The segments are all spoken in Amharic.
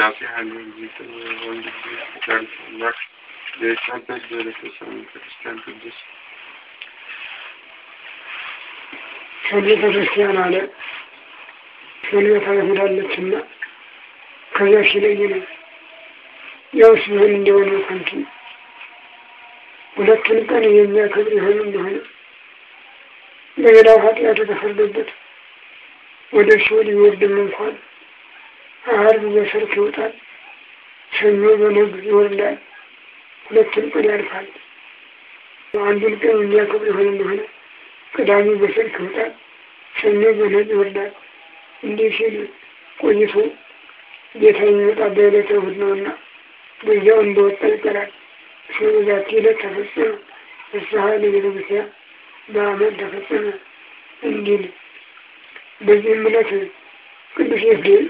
ውዳሴ ወንድ ቅዱስ ከቤተ ክርስቲያን አለ ሰሌታ ይሁዳለችና ከዚያ ሲለይ ነው ያው ሲሆን እንደሆነ ሁለቱን ቀን የሚያከብር ይሆን እንደሆነ በሌላው ኃጢአቱ ተፈርዶበት ወደ ሲኦል ይወርድም እንኳን አርብ በሰርክ ይወጣል፣ ሰኞ በነግድ ይወርዳል፣ ሁለትም ቀን ያልፋል። አንዱን ቀን የሚያከብር የሆነ እንደሆነ ቅዳሜ በሰርክ ይወጣል፣ ሰኞ በነግ ይወርዳል። እንዲህ ሲል ቆይቶ ጌታ የሚወጣ በዕለተ እሑድ ነውና በዚያው እንደወጣ ይቀራል። እስመ በዛቲ ዕለት ተፈጸመ ፍስሐ ለቤተ በአመት ተፈጸመ እንዲል በዚህም ዕለት ቅዱስ ኤፍሬም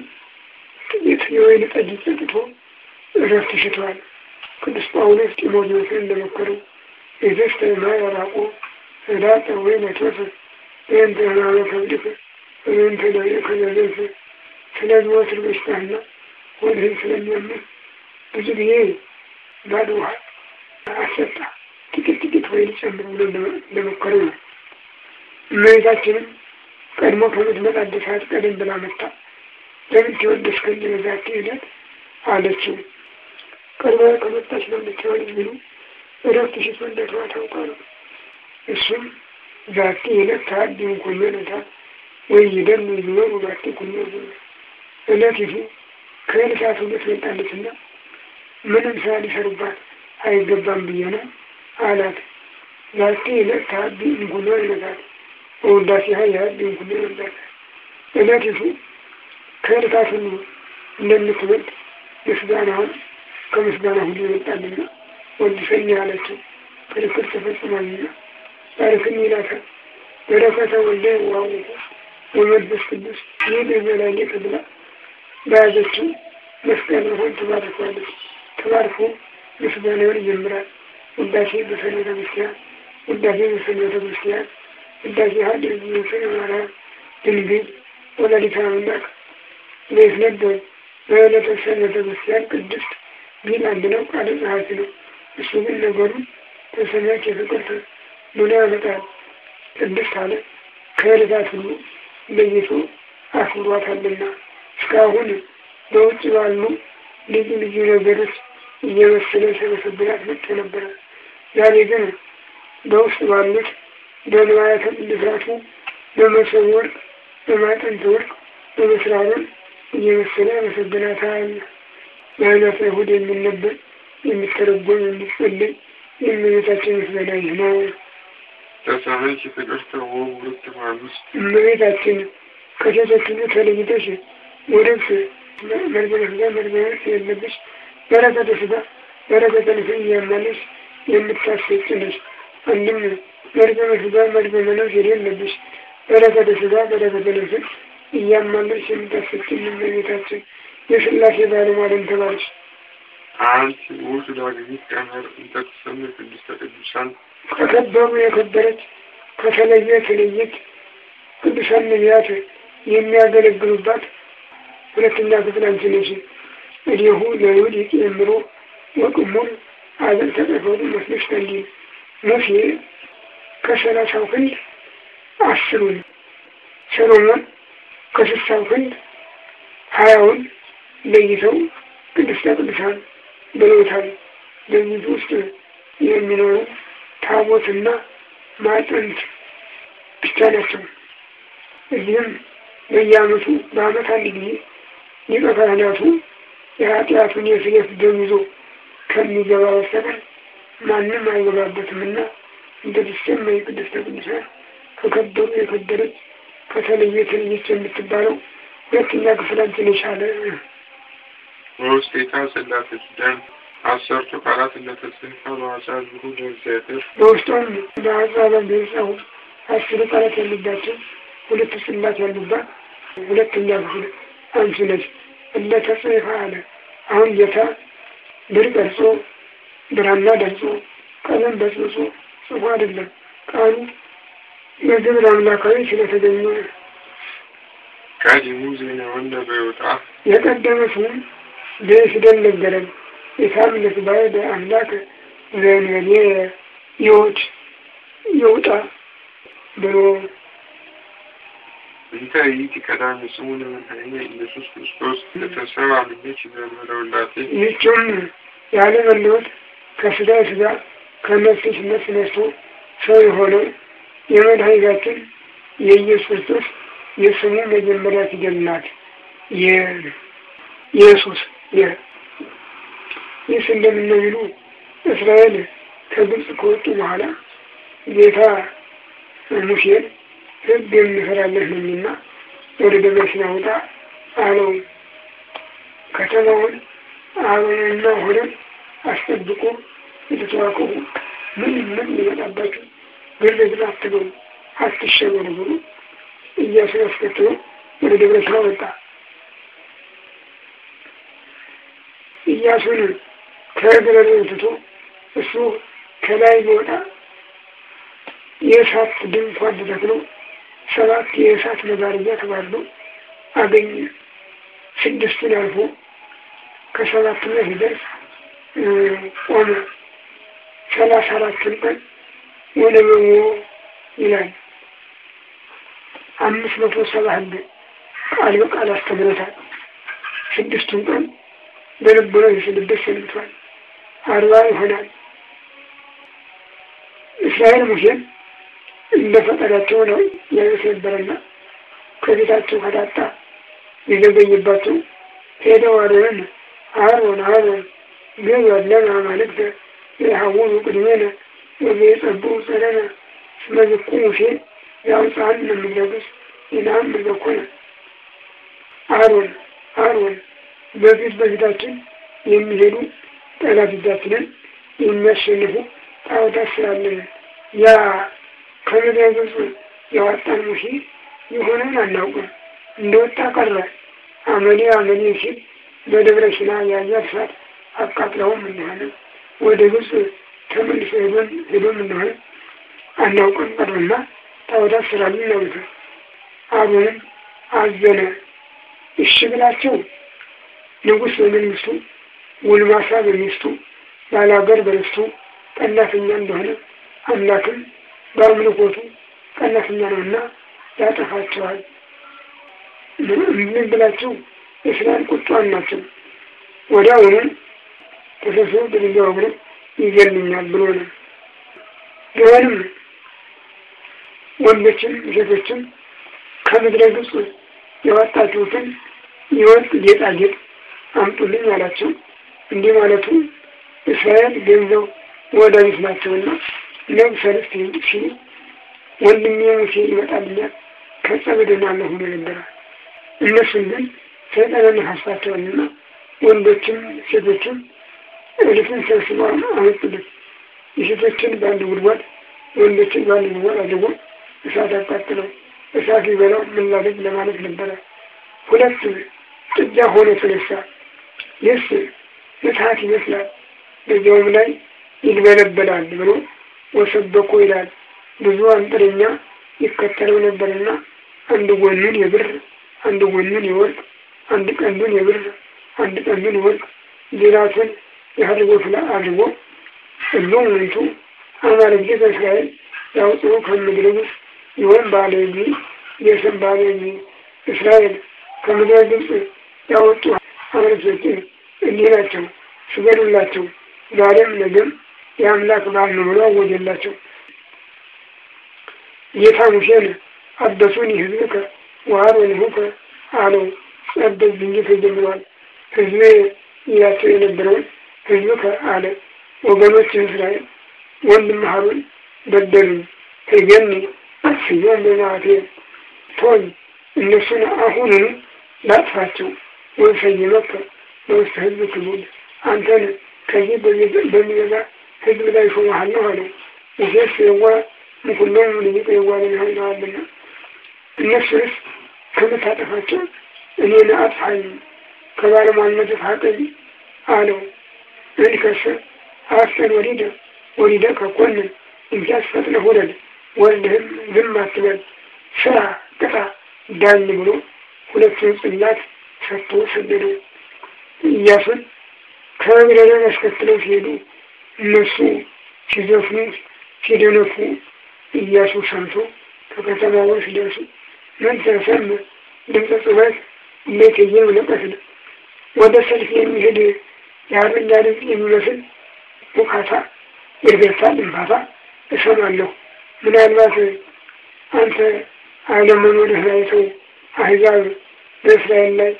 ጥቂት የወይን ጠጅ ጠጥቶ እረፍት ሽቷል። ቅዱስ ጳውሎስ ጢሞቴዎስን እንደመከረው የዘስተ ማይ አራቆ ህዳጠ ወይ መቶፍ ይህን ተህናነ ከብድፍ እኔን ከዘዘፍ ስለ በሽታና ወድህን ስለሚያምር ብዙ ጊዜ ባዶ ውሃ አሰጣ ጥቂት ጥቂት ወይን ጨምር ብሎ እንደመከረው ነው። እመቤታችንም ቀድሞ ከምትመጣ አዲሳት ቀደም ብላ መጣ ለምን ከኝ በዛት ይላል አለችው። ቀድማ ከመጣች ነው በምትሆን ቢሉ እረፍትሽ መለቷ ታውቃ ነው። እሱም ዛቲ ይለት ተአድም ኩሎነታ ወይ ደም ዝመሩ ባቲ ኩሎ እለቲቱ ከእለታት ሁሉ ትመጣለችና ምንም ስራ ሊሰሩባት አይገባም ብዬና አላት። ዛቲ ዕለት ተአድም ኩሎነታ ወውዳሴሃ የአድም እለት እለቲቱ ከዕለታት ሁሉ እንደምትበልጥ የምስጋናዋን ከምስጋና ሁሉ ይበልጣልና ወድሰኝ ያለችው ክርክር ተፈጽሟልና ባርክኝ ይላታል። በረከተ ወልደ ይዋወቁ በመንፈስ ቅዱስ ይህን የበላይኔ ተብላ በያዘችው መስቀል መሆን ተባርኳለች። ተባርፎ ምስጋናውን ይጀምራል። ውዳሴ በሰንበተ ክርስቲያን ውዳሴ በሰንበተ ክርስቲያን ውዳሴ ሀደ ሰ ማርያም ድንግል ወላዲተ አምላክ እንዴት ነበር? በህብረተሰብ ቤተክርስቲያን ቅድስት ቢና አንድነው ቃለ ጸሐፊ ነው። እሱ ግን ነገሩን ተሰሚያች የፍቅር ምን ያመጣል ቅድስት አለ። ከዕለታት ሁሉ ለይቶ አክብሯታልና እስካሁን በውጭ ባሉ ልዩ ልዩ ነገሮች እየመሰለ ሲያመሰግናት መጥቶ ነበረ። ዛሬ ግን በውስጥ ባሉት በንዋያተ ቅድሳቱ በመሰብ ወርቅ፣ በማዕጠንተ ወርቅ፣ በመስራሮን እየመሰለ ያመሰግናታል። በአሕዛብ ላይ ሁሉ የሚነበብ የሚተረጎም፣ የሚጸለይ የእመቤታችን ምስጋና ይህ ነው። ተሳህች ፍቅርተ ወውእቱ ዮሐንስ እመቤታችን ከሴቶች ሁሉ ተለይተሽ ወደብስ መርገመ ሥጋ መርገመ ነፍስ የለብሽ በረከተ ሥጋ በረከተ ነፍስ እያማለሽ የምታሰጭ ነሽ። አንድም መርገመ ሥጋ መርገመ ነፍስ የሌለብሽ በረከተ ሥጋ በረከተ ነፍስ እያማለች የምታስች የምመኘታችን የስላሴ ባለሟልን ተባለች። አንቺ ውስ ዳግሚት ቀመር እንተትሰሚ ቅድስተ ቅዱሳን ከከበሩ የከበረች ከተለየ የተለየች ቅዱሳን ነቢያት የሚያገለግሉባት ሁለተኛ ክፍል አንቺ ነች። እዲሁ ለይሁድ የምሮ ወቅሙን አዘን ተጠፈሩ መስሎች ተንዲ ሙሴ ከሰላሳው ክንድ አስሩን ሰሎሞን ከስሳው ክንድ ሀያውን ለይተው ቅድስተ ቅዱሳን ብለውታል። በሚት ውስጥ የሚኖሩ ታቦትና ማጠንት ብቻ ናቸው። እዚህም በየአመቱ በአመት አንድ ጊዜ ሊቀ ካህናቱ የኃጢአቱን የስሬት ደም ይዞ ከሚገባ በስተቀር ማንም አይገባበትምና እንደ ድስም የቅድስተ ቅዱሳን ከከበሩ የከበረች ከተለየ ትንኝት የምትባለው ሁለተኛ ክፍላንትን የቻለ በውስጤታ የታንስላት ደም አሰርቱ ቃላት እንደተጽፈ በዋሳ ዝሁ እግዚአብሔር በውስጡም በአጻበ ቤዛው አስር ቃላት ያሉባቸው ሁለት ስላት ያሉባት ሁለተኛ ክፍል አንቺ ነች እንደተጽፋ አለ። አሁን ጌታ ብር ቀርጾ ብራና ደርጾ ቀለም በጽጾ ጽፎ አይደለም ቃሉ በዝብል አምላካዊ ስለተገኘ ቀድሙ ዜና ወንደ በይወጣ የቀደመ ስም ይወድ ይውጣ ብሎ እንተ ቀዳሚ ስሙ ኢየሱስ ክርስቶስ ለተሰባ ልጆች ያለ ከስጋ ስጋ ከነፍስ ነፍስ ነስቶ ሰው የሆነው የመድኃኒታችን የኢየሱስ ክርስቶስ የስሙ መጀመሪያ ፊደል ናት። የኢየሱስ ይህ እንደምንሚሉ እስራኤል ከግብፅ ከወጡ በኋላ ጌታ ሙሴን ሕግ የምሰራለት ነኝና ወደ ደብረ ሲና ውጣ አለው። ከተማውን አሮንና ሆረን አስጠብቆ የተተዋቀቡ ምን ምን ይመጣባቸው ገለዝ አትበሉ አትሸበሩ ብሎ እያሱ አስከትሎ ወደ ደብረ ስራ ወጣ። እያሱን ከግረን ትቶ እሱ ከላይ ሊወጣ የእሳት ድንኳን ተተክሎ ሰባት የእሳት መጋረጃ ተባርዶ አገኘ። ስድስቱን አልፎ ከሰባቱ ላይ ሲደርስ ቆመ። ሰላሳ አራቱን ቀን ወለመሙ ይላል። አምስት መቶ ሰባ አንድ ቃል በቃል አስተምሮታል። ስድስቱን ቀን በልቡና ሲስልበት ሰንብቷል። አርባ ይሆናል። እስራኤል ሙሴን እንደ ፈጠራቸው ነው ያዩት ነበረና ከፊታቸው ከዳጣ የዘገኝባቸው ሄደው አሮንን አሮን አሮን ግበለና ማለት የሐውኑ ቅድሜነ የሚጠቡ ሰለና ስመዝኩ ሙሴ ያውፃን የምለብስ ኢናም መዘኮነ አሮን አሮን በፊት በፊታችን የሚሄዱ ጠላቶቻችንን የሚያሸንፉ ጣዖታት ስላለን ያ ከምድረ ገጽ ያወጣን ሙሴ የሆነን አናውቅም። እንደወጣ ቀረ አመኔ አመኔ ሲል በደብረ ሲና ያያት እሳት አቃጥለውም እንደሆነ ወደ ግብፅ ተመልሶ ሄዶን ሄዶን እንደሆነ አናውቅም ቀርና ታወዳ ስራሉ እናውታ አቡንም አዘነ። እሺ ብላቸው ንጉሥ በመንግስቱ ውልማሳ በሚስቱ ባላገር በርስቱ ቀናተኛ እንደሆነ አምላክም በአምልኮቱ ቀናተኛ ነውና ያጠፋቸዋል። ምን ብላቸው የስራን ቁጡ አልናቸው ወዲያውኑን ተሰብስበው በድንጋይ ወግረው ይገልኛል ብሎ ነው። ቢሆንም ወንዶችም ሴቶችም ከምድረ ግብፅ የወጣችሁትን የወርቅ ጌጣጌጥ አምጡልኝ አላቸው። እንዲህ ማለቱ እስራኤል ገንዘብ ወዳጆች ናቸውና ኖብ ሰለስት ሺ ወንድሜ ሙሴ ይመጣልኛል ከጸብ ለሁ ነገራ እነሱን ግን ሰይጣንን ሀሳባቸውንና ወንዶችም ሴቶችም ሌሊትን ሰብስባ አመጡልን። የሴቶችን በአንድ ጉድጓድ የወንዶችን በአንድ ጉድጓድ አድርጎ እሳት አቃጥለው እሳት ሊበላው ምናደግ ለማለት ነበረ። ሁለት ጥጃ ሆኖ ተነሳ። ይህስ ምትሀት ይመስላል፣ በዚያውም ላይ ይንበለበላል ብሎ ወሰበኮ ይላል። ብዙ አንጥረኛ ይከተለው ነበርና አንድ ጎኑን የብር አንድ ጎኑን የወርቅ አንድ ቀንዱን የብር አንድ ቀንዱን የወርቅ ሌላቱን የፈልጎ ስለ አድርጎ ሁሉም ምንቱ ጌት እስራኤል ያውጡ ከምድር ውስጥ ይሆን ባለ እንጂ የስም ባለ እንጂ እስራኤል ከምድረ ግብፅ ያወጡ አማልክቶች እንዲህ ናቸው፣ ስገዱላቸው። ዛሬም ነገም የአምላክ በዓል ነው ብሎ አወጀላቸው። ጌታ ሙሴን አደሱን ህዝብከ ሁከ አለው። ጸበዝ እንጂ ተጀምሯል። ህዝቤ ይላቸው የነበረውን ሕዝብከ አለ ወገኖች እስራኤል ወንድም ሀሩን በደሉኝ፣ ተየኒ አስዮም በመዓቴ ቶኝ፣ እነሱን አሁኑን ላጥፋቸው። ወሰይመከ በውስጥ ሕዝብ ክቡድ አንተን ከዚህ በሚበዛ ህዝብ ላይ ሾመሃለሁ አለው። ሙሴስ የዋ ምኩሎም ልይቅ የዋ ለሚሆነዋልና እነሱንስ ከምታጠፋቸው እኔን አጥፋኝ ከባለሟልነትህ አቀኝ አለው። ዘድከሰ አሰን ወዲደ ወዲደ ከኮንን እንዚያስ ፈጥነህ ውረድ ወርድህም ዝም አትበል ስራ ቅጣ ዳኝ ብሎ ሁለቱን ጽላት ሰጥቶ ሰደደው። እያሱን ከምድር አስከትለው ሲሄዱ እነሱ ሲዘፍኑ ሲደነፉ እያሱ ሰምቶ ከከተማው ሲደርሱ ምን ተሰማ ድምፀ ጩኸት እሌትየ ብለቀትነ ወደ ሰልፍ የሚሄድ የአርበኛ ድምፅ የሚመስል ቡካታ፣ የደስታ ልንፋታ እሰማለሁ። ምናልባት አንተ አለመኖርህ ሰው አሕዛብ በእስራኤል ላይ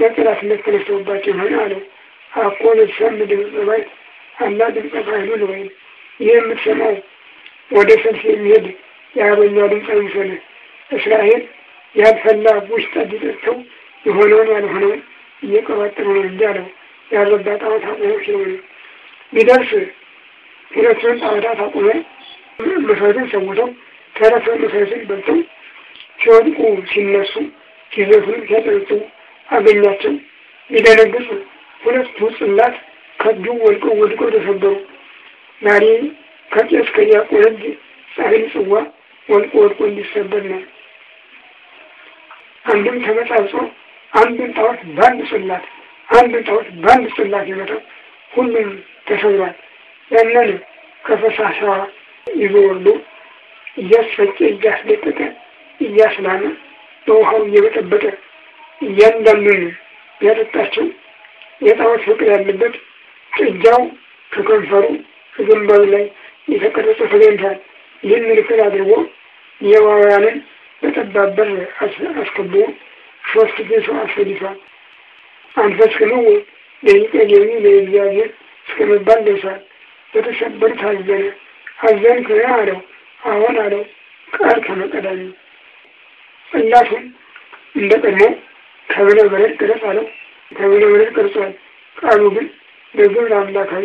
ለጥላትነት ተነስተውባቸው የሆነ አለው። አኮ ልትሰም ድምፀ አላ ድምፀ ባሕሩን ወይም ይህ የምትሰማው ወደ ሰልፍ የሚሄድ የአርበኛ ድምፅ አይምሰልህ። እስራኤል ያልፈላ ቡሽ ጠጅ ጠጥተው የሆነውን ያልሆነውን እየቀባጠሩ ነው እንጂ አለው። ያሉበት ጣዖት አቁሞ ስለሆነ ቢደርስ ሁለቱን ጣዖታት አቁመ መሥዋዕትን ሰውተው ተረት መሥዋዕትን በልተው ሲወድቁ ሲነሱ ሲዘፍኑ ሲያጠጡ አገኛቸው። ሊደነግጡ ሁለቱ ጽላት ከእጁ ወድቀው ወድቀው ተሰበሩ። ናሪ ከቄስ ከዲያቆን እጅ ጻሕል ጽዋ ወልቆ ወድቆ እንዲሰበር ነው። አንድም ተመጻጽኦ አንድን ጣዖት በአንድ ጽላት አንድ ጣዖት በአንድ ጽላት ይመጣ ሁሉም ተሰብሯል። ያንን ከፈሳሳ ይዞ ወርዶ እያስፈጨ እያስደቀቀ እያስላመ በውሃው እየበጠበጠ እያንዳንዱን ያጠጣቸው የጣዖት ፍቅር ያለበት ጥጃው ከከንፈሩ ከግንባሩ ላይ የተቀረጸ ፈገንታል ይህን ምልክት አድርጎ የባውያንን በጠባብ በር ሶስት ጊዜ ሰው አንፈስ ክልው ለይቀደሚ ለእግዚአብሔር እስከመባል ደርሷል። በተሰበር ታዘነ። ክ አለው። አሁን አለው። ቃል ከመቀዳሚ ጽላቱን እንደ ቀድሞ ከብለ በረድ ቅረጽ አለው። ከብለ በረድ ቀርጿል። ቃሉ ግን በግብር አምላካዊ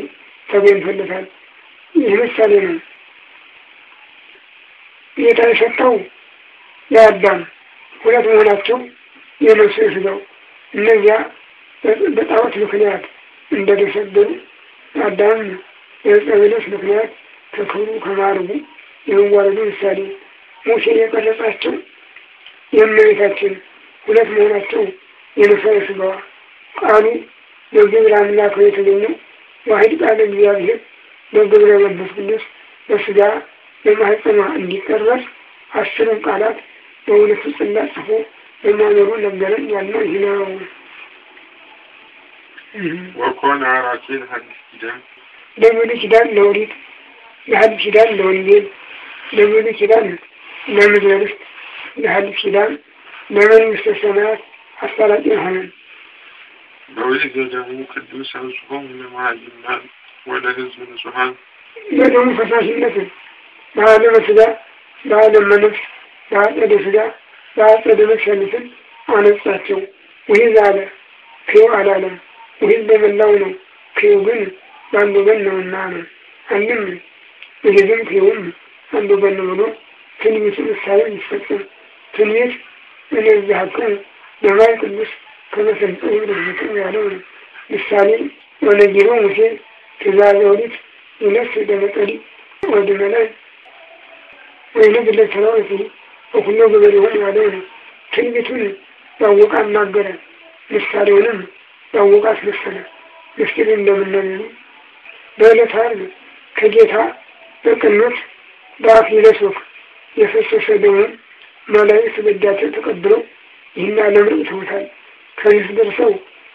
ተገኝቶለታል። ይህ ምሳሌ ነው። ጌታ የሰጠው የአዳም ሁለት መሆናቸው የነፍሱ የስጋው እነዚያ በጣዖት ምክንያት እንደተሰደዱ አዳም የዕፀ ምክንያት ከክብሩ ከማርጉ የመዋረዱ ምሳሌ ሙሴ የቀረጻቸው የእመቤታችን ሁለት መሆናቸው የመሰረ ሥጋዋ ቃሉ በግብር አምላክ የተገኘው ዋሕድ ቃል እግዚአብሔር በግብረ መንፈስ ቅዱስ በስጋ በማህፀማ እንዲቀረጽ አስሩን ቃላት በእውነት ፍጽና ጽፎ በማኖሩ ነገረን ያለው ይህ ነው። وكون عراكين هذا السجان لمن سجان لوريد لحد سجان لوريدين لمن سجان لمدارس لحد سجان لمن مستسمات الصلاة الحمام وإذا جاءوا قدوسا سبحان مع الإمام ولا هزم سبحان لهم فساس النفس بعد مسجا بعد منفس بعد دفجا بعد دمك مثل عن الصحة وإذا لا في على ይህን በበላው ነው። ክዩ ግን በአንድ ወገን ነውና ነው። አንድም ምግዝም ክዩም አንድ ወገን ነው ብሎ ትንቢቱ ምሳሌ ይፈጸም። ትንቢት እነዚህ ሀከል በማይ ቅዱስ ከመሰልጠን ድርጅትም ያለው ነው። ምሳሌ ወነጊሮ ሙሴ ትእዛዘ ኦሪት ይነስ ደመጠሪ ወድመ ላይ ወይነት ለሰራዊቱ በሁሎ ገበሬውን ያለው ነው። ትንቢቱን ባወቃ እናገረ ምሳሌውንም ያወቃት መሰለ ምስኪን እንደምናምን ነው። በዕለት ዓርብ ከጌታ በቅኖት በአፍ ይለሶክ የፈሰሰ ደሙን መላእክት በእጃቸው ተቀብለው ይህን ዓለም ረጭተውታል፣ ከዚህ ደርሰው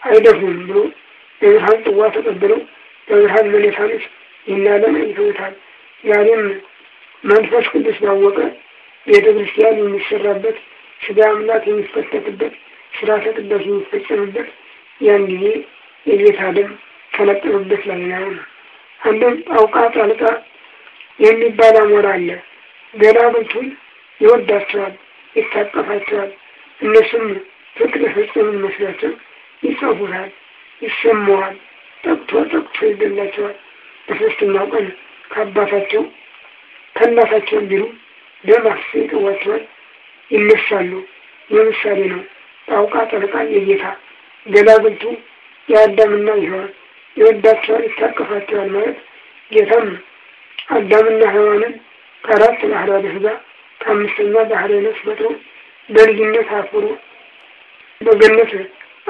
አይደፉም ብሎ በብርሃን ጽዋ ተቀብለው በብርሃን መሌታኖች ይህን ዓለም ረጭተውታል። ዛሬም መንፈስ ቅዱስ ባወቀ ቤተ ክርስቲያን የሚሰራበት ስጋ አምላክ የሚፈተትበት ስራ ቅዳሴ የሚፈጸምበት ያን ጊዜ የጌታ ደም ከነጠሉበት ላይ ነው። አንድም ጣውቃ ጣልቃ የሚባል አሞራ አለ። ገላብንቱን ይወዳቸዋል፣ ይታቀፋቸዋል። እነሱም ፍቅር ፍጹም መስላቸው ይጸፉታል፣ ይሰማዋል። ጠቅቶ ጠቅቶ ይገላቸዋል። በሶስተኛው ቀን ከአባታቸው ከእናታቸው እንዲሉ ደም አፍስሰው ይጠዋቸዋል፣ ይነሳሉ። ለምሳሌ ነው ጣውቃ ጠልቃ የጌታ ገላግልቱ የአዳምና ሔዋን ይወዳቸዋል፣ ይታቀፋቸዋል ማለት ጌታም አዳምና ሔዋንን ከአራት ባህርያተ ሥጋ ከአምስተኛ ባህርየ ነፍስ ፈጥሮ በልጅነት አክብሮ በገነት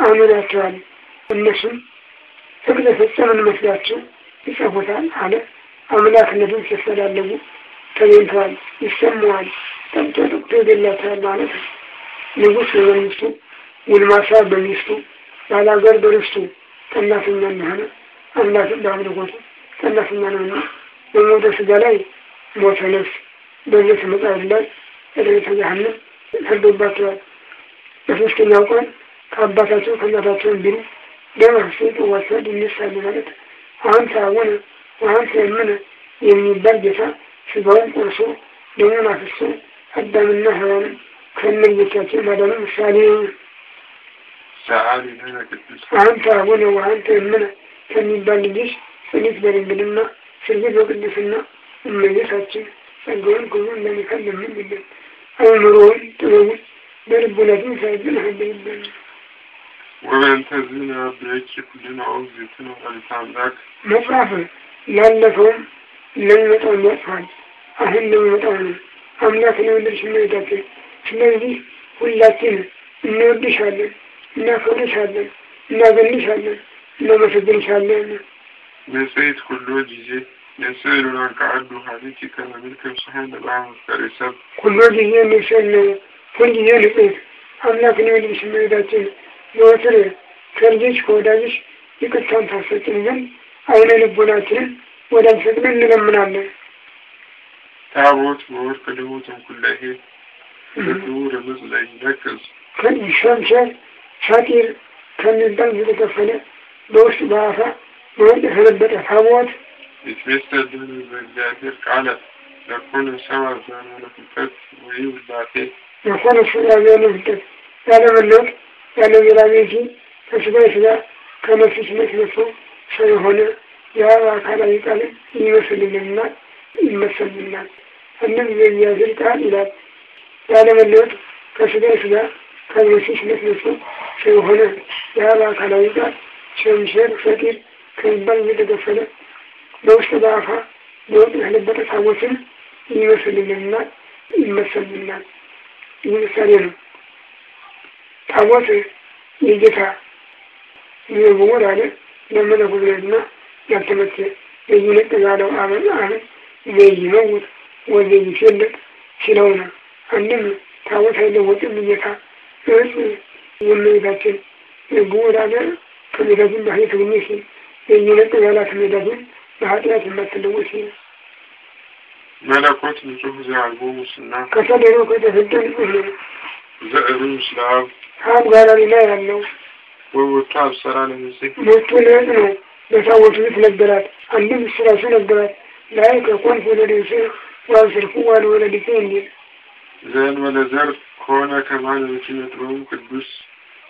አኑሪያቸዋል። እነሱም ሕግ የፈጸምን መስሏቸው ይጸፉታል አለ። አምላክነትን ሲፈላለጉ ተገኝተዋል። ይሰማዋል፣ ጠብቶ ጠብቶ ይገላቸዋል ማለት ነው። ንጉሥ በመንግስቱ፣ ጎልማሳ በሚስቱ ያላገር ድርሽቱ ጠላተኛ እንደሆነ አምላክ በአድርጎቱ ጠላተኛ ነውና በሞተ ስጋ ላይ ሞተ ነፍስ በዘት ላይ በደረተ ገሃነም ፈርዶባቸዋል። በሶስተኛው ቀን ከአባታቸው ከእናታቸው እንዲሉ ደም ሐሴት ወሰድ ይነሳሉ ማለት አንተ አወነ ወአንተ የምነ የሚባል ጌታ ስጋውን ቆርሶ ደሙን አፍሶ አዳምና ሔዋንን ከእመቤታችን ማዳኑ ምሳሌ አንተ አቡነ ወአንተ እምነ ከሚባል ልጅ ጽኒት በድንግልና ስርየት በቅድስና እመቤታችን ጸጋውን ሁሉ እንደሚከል ለምንልን አእምሮውን ጥበቡን በልቡናቱን ሳይብን ሀደይበን ወበንተ ዝን ብለኪ ኩልና ኦግዚትን ወላዲተ አምላክ መጽሐፍ ላለፈውም ለሚመጣው መጽፋል አሁን ለሚመጣው ነው። አምላክን የወለድሽ እመቤታችን፣ ስለዚህ ሁላችን እንወድሻለን። እናከብርሻለን፣ እናዘንሻለን፣ እናመሰግንሻለን። ብፅዕት ኩሉ ጊዜ ንስእሉና ከዓዱ ሀሊቲከ በመልክም ስሓን በዓም ፍቅሪ ሰብ ኩሎ ጊዜ ንስእና ሁልጊዜ ንጽሕት አምላክን የወልድሽ እመቤታችን ዘወትር ከልጅሽ ከወዳጅሽ ይቅርታን ታሰጭን ዘንድ አይነ ልቦናችንን ወደ አንቺ እንለምናለን። ታቦት በወርቅ ድሙትን ኩለሄ ቅዱር ምስለ ይነቅዝ ከሸምሸር فقير كان يدان في الكفلة دوش باعفة وانت خلبت الحموات اتبست الدنيا بالجادير قال يكون سوى زمان في الكفل ويوز باعفة يكون سوى زمان في الكفل يعني بلوك يعني بلاميكي فسبا يسلا كما في سمك نفو سيهونا يا راك على يتعلم إن يوصل للمال إن مصل للمال النبي بالجادير قال إلا يعني بلوك فسبا يسلا كما في سمك نفو የሆነ ያለ አካላዊ ጋር ሸምሸር ፈጢር ከሚባል እየተገፈለ በውስጥ በአፋ በወጥ ያለበት ታቦትን ይመስልልንና ይመሰልናል። ይህ ምሳሌ ነው። ታቦት የጌታ ዝቡር አለ ለመለጉዝለና ያልተመቸ ዘይነቅ ያለው አመን አመን ዘይመውት ወዘይፌለቅ ሲለው ሲለውና አንድም ታቦት አይለወጥም ጌታ እህል የሚይዛችን የጉዳገር ከሚደግም ባህይ ከሚሽ የሚነጥ ያላ ከሚደግም በኃጢአት የማትለወስ መለኮት ንጹሕ ዘአልቦ ሙስና ከሰደሮ ከተፈጠ ንጹሕ ነው። ዘእሩስ ለአብ አብ ጋር ሌላ ያለው ወወቱ አብሰራ ለንጽሕ ሞቱ ለእጽ ነው። በሳወቱ ፊት ነገራት። አንድም እሱ ራሱ ነገራት። ላይ ከኮንፍ ወደ ደሴ ዋብ ስርፉ ዋለ ወለዲሴ እንዲል ዘእንበለ ዘር ከሆነ ከማን ነኪነጥበቡ ቅዱስ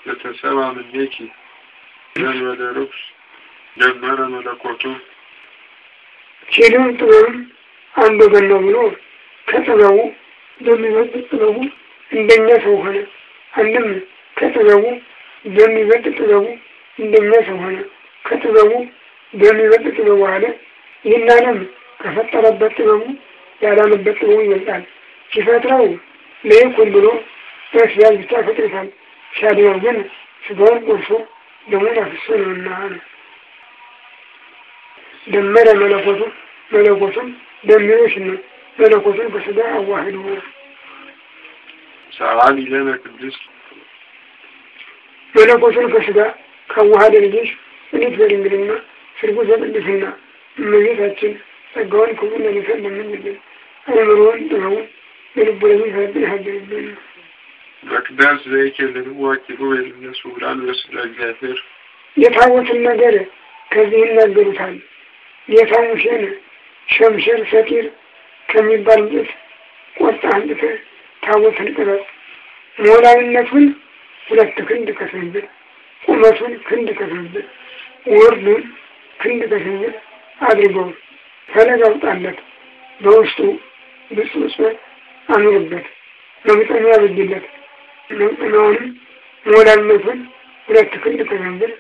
ዘተሰባ ምኔኪ ዘንበለ ርኩስ ደበረ መለኮቱ ችልም ጥበብም አንብበን ነው ብሎ ከጥበቡ በሚበልጥ ጥበቡ እንደኛ ሰው ሆነ። አንድም ከጥበቡ በሚበልጥ ጥበቡ እንደኛ ሰው ሆነ። ከጥበቡ በሚበልጥ ጥበቡ አለ። ይህን ዓለም ከፈጠረበት ጥበቡ ያላመበት ጥበቡ ይበልጣል። ሲፈጥረው ለይኩን ብሎ በስያዝ ብቻ ፈጥሮታል። ሻዲያው ግን ስጋውን ቆርሶ ደሙን አፍሶ ነውና አለ። ደመረ መለኮቱ መለኮቱን ደሚሮሽ ነው መለኮቱን በስጋ አዋህዶ ሰላም ይለነ ቅዱስ መለኮቱን ከስጋ ከዋሃደ ልጅሽ እንዴት በድንግልና ስርጉት በቅድስና እመቤታችን ጸጋውን ክቡር ለሚፈል ለምንልን አእምሮን ጥበውን በልቦለሚ ሳብን ያሀገልብን በቅዳር ዘይኬልንም ዋኪሉ የልነሱ ብላል በስለ እግዚአብሔር የታወትን ነገር ከዚህ ይናገሩታል። ጌታ ሙሴን ሸምሸር ሰጢር ከሚባል ቤት ቆርጠህ አንጥተህ ታቦትን ቅረጽ፣ ሞላዊነቱን ሁለት ክንድ ከሰንብል፣ ቁመቱን ክንድ ከሰንብል፣ ወርዱን ክንድ ከሰንብል አድርገው ፈለግ አውጣለት፣ በውስጡ ብፁዕ አኑርበት፣ መግጠሚያ ብድለት ሞላል መስል ሁለት ክንድ ከዘንዝር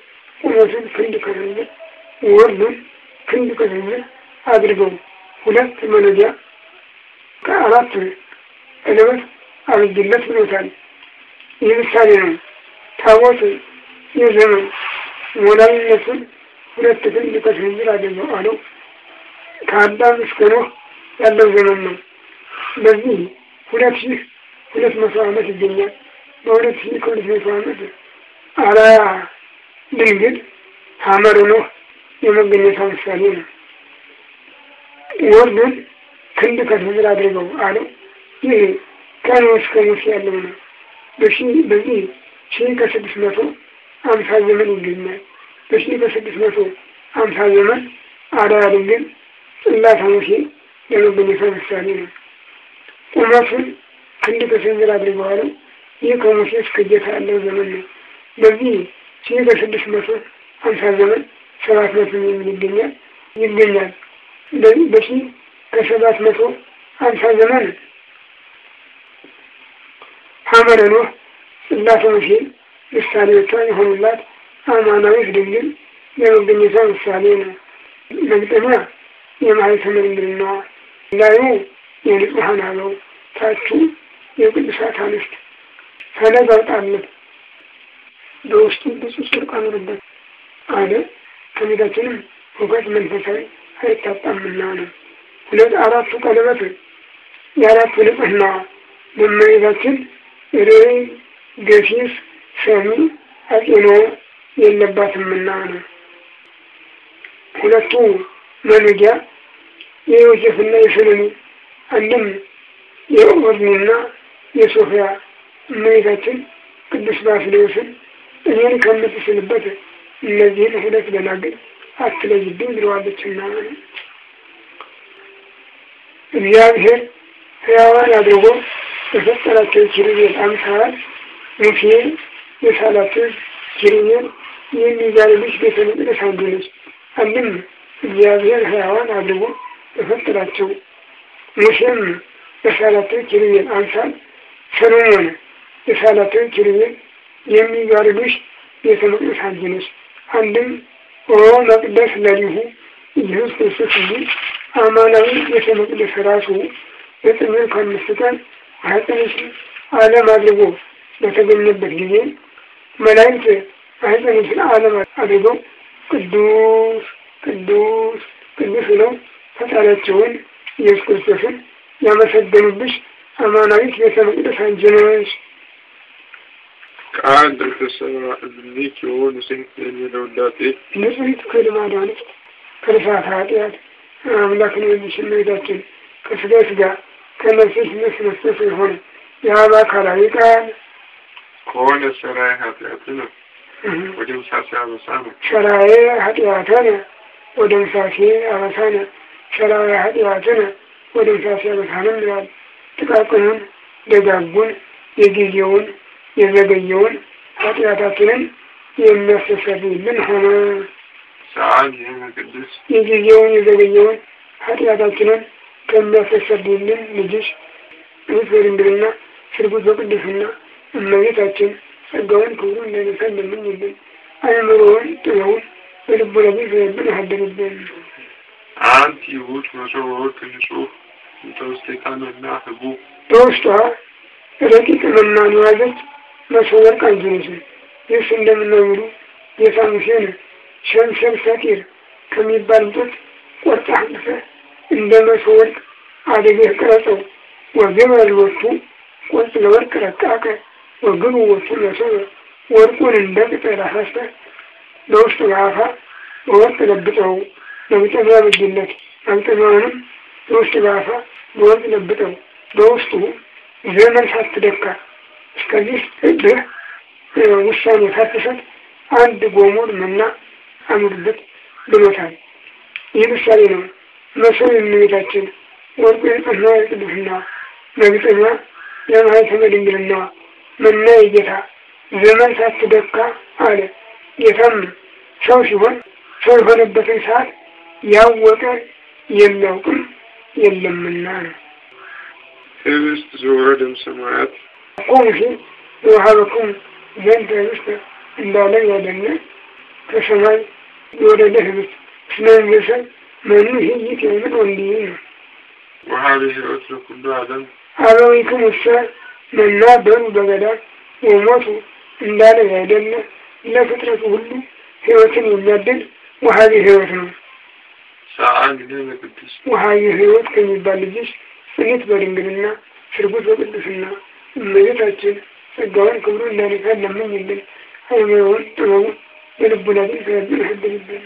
ቁመቱን ክንድ ከዘንዝር ወርዱን ክንድ ከዘንዝር አድርገው ሁለት መለጃ ከአራት ቀለበት አብጅለት ብሎታል። ይህ ምሳሌ ነው። ታቦት የዘመን ሞላልነቱን ሁለት ክንድ ከዘንዝር አድርገው አለው። ከአዳም እስከ ኖህ ያለው ዘመን ነው። በዚህ ሁለት ሺህ ሁለት መቶ ዓመት ይገኛል። በሁለት ሺህ ከሁለት መቶ ዓመት አርአያ ድንግል ሀመር ኖህ የመገኘቷ ምሳሌ ነው። ወርድን ክንድ ከስንዝር አድርገው አለው። ይህ ከኖህ እስከ ሙሴ ያለው ነው። በሺ በዚህ ሺ ከስድስት መቶ አምሳ ዘመን ይገኛል። በሺ ከስድስት መቶ አምሳ ዘመን አርአያ ድንግል ጽላተ ሙሴ የመገኘቷ ምሳሌ ነው። ቁመቱን ክንድ ከስንዝር አድርገው አለው። ይህ ከሙሴ እስከ ጌታ ያለው ዘመን ነው። በዚህ ሺህ ከስድስት መቶ ሀምሳ ዘመን ሰባት መቶ የሚል ይገኛል ይገኛል። በሺህ ከሰባት መቶ ሀምሳ ዘመን ሐመረ ኖህ ጽላተ ሙሴ ምሳሌዎቿ የሆኑላት አማናዊት ድንግል የመገኘቷ ምሳሌ ነው። መግጠሚያ የማኅተመ ድንግልና ላዩ የንጹሐን አበው ታቹ የቅዱሳት አንስት ፈለግ አውጣልን በውስጡ ብዙ ጽድቅ አኑርበት አለ። ከሚዳችንም እውቀት መንፈሳዊ አይታጣምና ነው። ሁለት አራቱ ቀለበት የአራቱ ንጽህና በመሬታችን ርዕይ፣ ገፊስ፣ ሰሚ፣ አጤኖ የለባትምና ነው። ሁለቱ መሎጊያ የዮሴፍና የሰሎሜ አንድም የኦርኒና የሶፊያ እመቤታችን ቅዱስ ባስልዮስን እኔን ከምትስልበት እነዚህን ሁለት ደናግል አትለይብኝ ብለዋለችና እግዚአብሔር ሕያዋን አድርጎ የፈጠራቸው ኪሩቤል አምሳል ሙሴን የሳላቸው ኪሩቤል የሚዛልልሽ ቤተ መቅደስ አንዱ ነች። አንድም እግዚአብሔር ሕያዋን አድርጎ የፈጠራቸው ሙሴም በሳላቸው ኪሩቤል አምሳል ሰሎሞን የሳላቱ ኪሩቤል የሚጋርዱሽ ቤተ መቅደስ አንቺ ነሽ። አንድም ኦ መቅደስ ለሊሁ ኢየሱስ ክርስቶስ እንጂ አማናዊ ቤተ መቅደስ ራሱ በጥምር ከአምስት ቀን ዓለም አድርጎ በተገኘበት ጊዜ መላእክት አሕፀንሽን ዓለም አድርገው ቅዱስ ቅዱስ ቅዱስ ነው ፈጣሪያቸውን ኢየሱስ ክርስቶስን ያመሰገኑብሽ አማናዊት ቤተ መቅደስ አንቺ ነሽ። ከአንድ ቤተሰብ ልጅ የሆኑ ስንት የሚለው እንዳጤ ንጽሕት ከልማዷ ነች ከልሳት ኃጢአት አምላክን የሚችል መሄዳችን ከስጋ ስጋ ከነፍስ ነፍስ መስጠት የሆነ የአብ አካላዊ ቃል ከሆነ ሰራዬ ኃጢአት ነው ወደ ምሳሴ አበሳ ነው ሰራዬ ኃጢአተነ ወደ ምሳሴ አበሳነ ሰራዬ ነ ወደ ምሳሴ ነ ይላል። ጥቃቅኑን ደጋጉን የጊዜውን የዘገየውን ኃጢአታችንን የሚያስተሰርይልን ሆነ። የጊዜውን የዘገየውን ኃጢአታችንን ከሚያስተሰርይልን ልጅሽ ይህ በድንግልና ስርጉት በቅድስና እመቤታችን ጸጋውን ክብሩን እንዳይነሳ እንደምንልን አእምሮውን ጥበውን በልቡ ለቤት ዘብን አደርብን አንቲ ውት መሶበ ወርቅ ንጹሕ እንተ ውስቴታ መና ህቡ በውስጧ ረቂቅ መናን የያዘች መስወር ቀንዝነሽ ይህ እንደምናውሉ የሳሙሴን ሸምሸም ሰጢር ከሚባል እንጨት ቆርጣ አጥፈህ እንደ መስወርቅ አድርገህ ቅረጸው። ወግመል ወቱ ቁልጥ ለወርቅ ረቃቀ ወግኑ ወቱ ለሰበ ወርቁን እንደ ቅጠል አሳስተህ በውስጡ ለአፋ በወርቅ ለብጠው። ለመጠሚያ በጅነት አንጠሚያውንም በውስጡ ለአፋ በወርቅ ለብጠው። በውስጡ ዘመን ሳትደካ እስከዚህ ህግ ውሳኔ ሳትሰጥ አንድ ጎሙን መና አምርልት ብሎታል። ይህ ምሳሌ ነው። መሰሉ የእመቤታችን ወርቁ የጠና ቅዱስና መግጠኛ የማኅተመ ድንግልና መና የጌታ ዘመን ሳትደካ አለ። ጌታም ሰው ሲሆን ሰው የሆነበትን ሰዓት ያወቀ የሚያውቅም የለምና ነው። ህብስት ዘወረደ እም ሰማያት قوله يوعظكم من لا يسمع إلا لي ودنا كسماي يولى لهبت سنين مثل من نهي كلمة ولينا وهذه العتر كلها أبويكم السار من لا بل بغدا وموتوا إلا لي ودنا إلا فترة كله ህይወትን የሚያድል ውሃቢ ህይወት ነው። ውሃቢ ህይወት ከሚባል ልጅሽ ጽኒት በድንግልና ስርጉት በቅድስና እመቤታችን ጸጋዋን ክብሩ እንዳነሳን ለምኝልን። ሀይማውን ጥበቡን በልቡናችን ስላድር ህድልብን።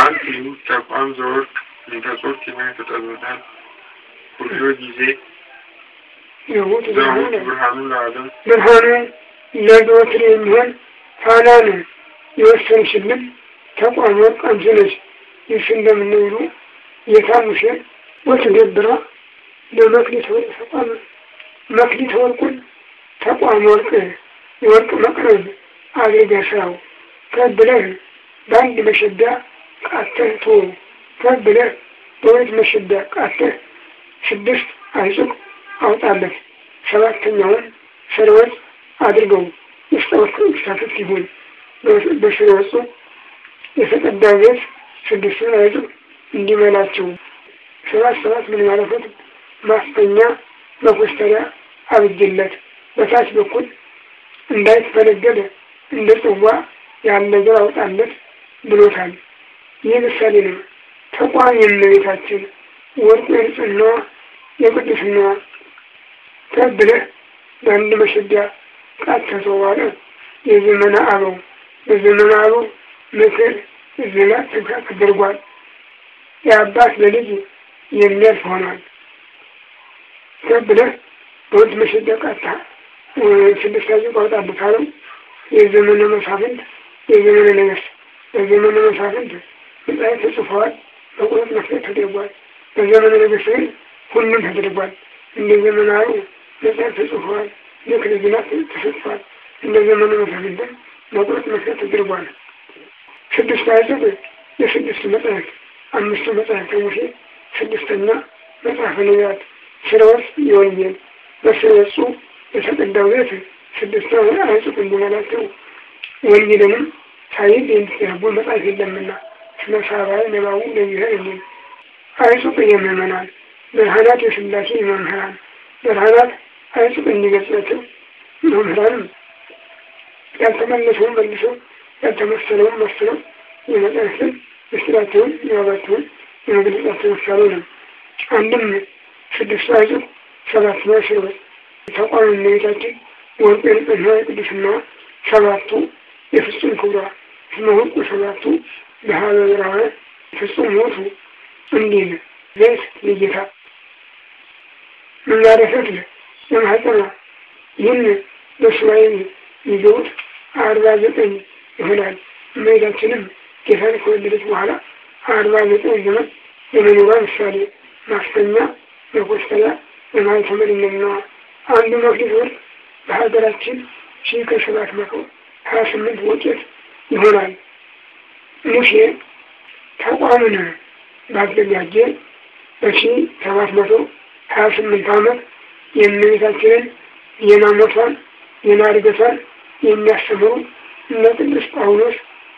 አንድ ተቋም ዘወርቅ ሊገጾች የማይተጠሉታል ሁሉ ጊዜ ብርሃኑ ለዘወትር የሚሆን ፋና ነው። የወሰንሽልን ተቋም ወርቅ አንቺ ነሽ። ይህ እንደምንውሉ የታሙሽን ወትገብራ ለመክሊት ተቋም መክሊት ወርቁን፣ ተቋም ወርቅ፣ የወርቅ መቅረብ ስራው? ተብለህ በአንድ መሸዳ ቃተህ ቶ ተብለህ በሁለት መሸዳ ቃተህ ስድስት አይጹቅ አውጣለት ሰባተኛውን ስር አድርገው አድርገው ወርቅ እንስሳትት ይሁን በስር ወጡ የተቀዳ ቤት ስድስቱን አይጹቅ እንዲመላቸው ሰባት ሰባት ምን ማለት ማስተኛ መኮስተሪያ አብጅለት በታች በኩል እንዳይትፈለገደ እንደ ጽዋ ያለ ነገር አውጣለት ብሎታል። ይህ ምሳሌ ነው። ተቋም የእመቤታችን ወርቅ የንጽህናዋ የቅዱስና ተብለህ በአንድ መሸጊያ ቃል ተሰዋለ የዘመነ አበው በዘመነ አበው ምክር ዝና ትካ ተደርጓል። የአባት ለልጅ የሚያልፍ ሆኗል ተብለህ በወድ ምሽት ደቃታ ስድስታቸው ቆርጣሉ ካለው የዘመነ መሳፍንት የዘመነ ነገስ በዘመነ መሳፍንት መጽሐፍ ተጽፈዋል፣ በቁርጥ መፍትሄ ተደርጓል። በዘመነ ነገስ ግን ሁሉም ተደርጓል። እንደ ዘመናዊ መጽሐፍ ተጽፈዋል፣ ልክ ልጅናት ተሰጥቷል። እንደ ዘመነ መሳፍንት በቁርጥ መፍትሄ ተደርጓል። ስድስት አዕጽፍ የስድስት መጽሐፍት አምስቱ መጽሐፍተ ሙሴ ስድስተኛ መጽሐፈ ነቢያት ስራዎች የወንጌል በስነሱ በተጠዳው ቤት ስድስት ሰው አይጽፉም በሆናቸው ወንጌልንም ሳይል የሚያቡ መጽሐፍ የለምና ስለ ሳባይ ነባቡ ለይህር የሚል አይጽፍ የምእመናን ብርሃናት የስላሴ መምህራን ብርሃናት አይጽፍ እንዲገጽላቸው መምህራንም ያልተመለሰውን መልሰው ያልተመሰለውን መስለው የመጽሐፍን ምስጢራቸውን የዋጋቸውን የመግለጻቸው ምሳሌ ነው። አንድም ስድስቱ አይጽፍ ሰባት ነሽ ነው። ተቋም ወርቅን እዝራ ቅዱስና ሰባቱ የፍጹም ክብሯ ስመ ወርቁ ሰባቱ በሀበ ብርሃነ ፍጹም ሞቱ እንዲህ ነው ዘይት ልጌታ ምናረፈት ነ ለማህፀኗ ይህን በስዋይን ይዘውት አርባ ዘጠኝ ይሆናል። እመቤታችንም ጌታን ከወለደች በኋላ አርባ ዘጠኝ ዘመን የመኖሯ ምሳሌ ማስተኛ መኮስተላ በማይተምርንና አንድ መክሊት በሀገራችን ሺህ ከሰባት መቶ ሀያ ስምንት ወቄት ይሆናል። ሙሴ ተቋምን ባዘጋጀ በሺ ሰባት መቶ ሀያ ስምንት ዓመት የእመቤታችንን ዜና የማርገቷን ዜና የሚያስተምሩ እነ ቅዱስ ጳውሎስ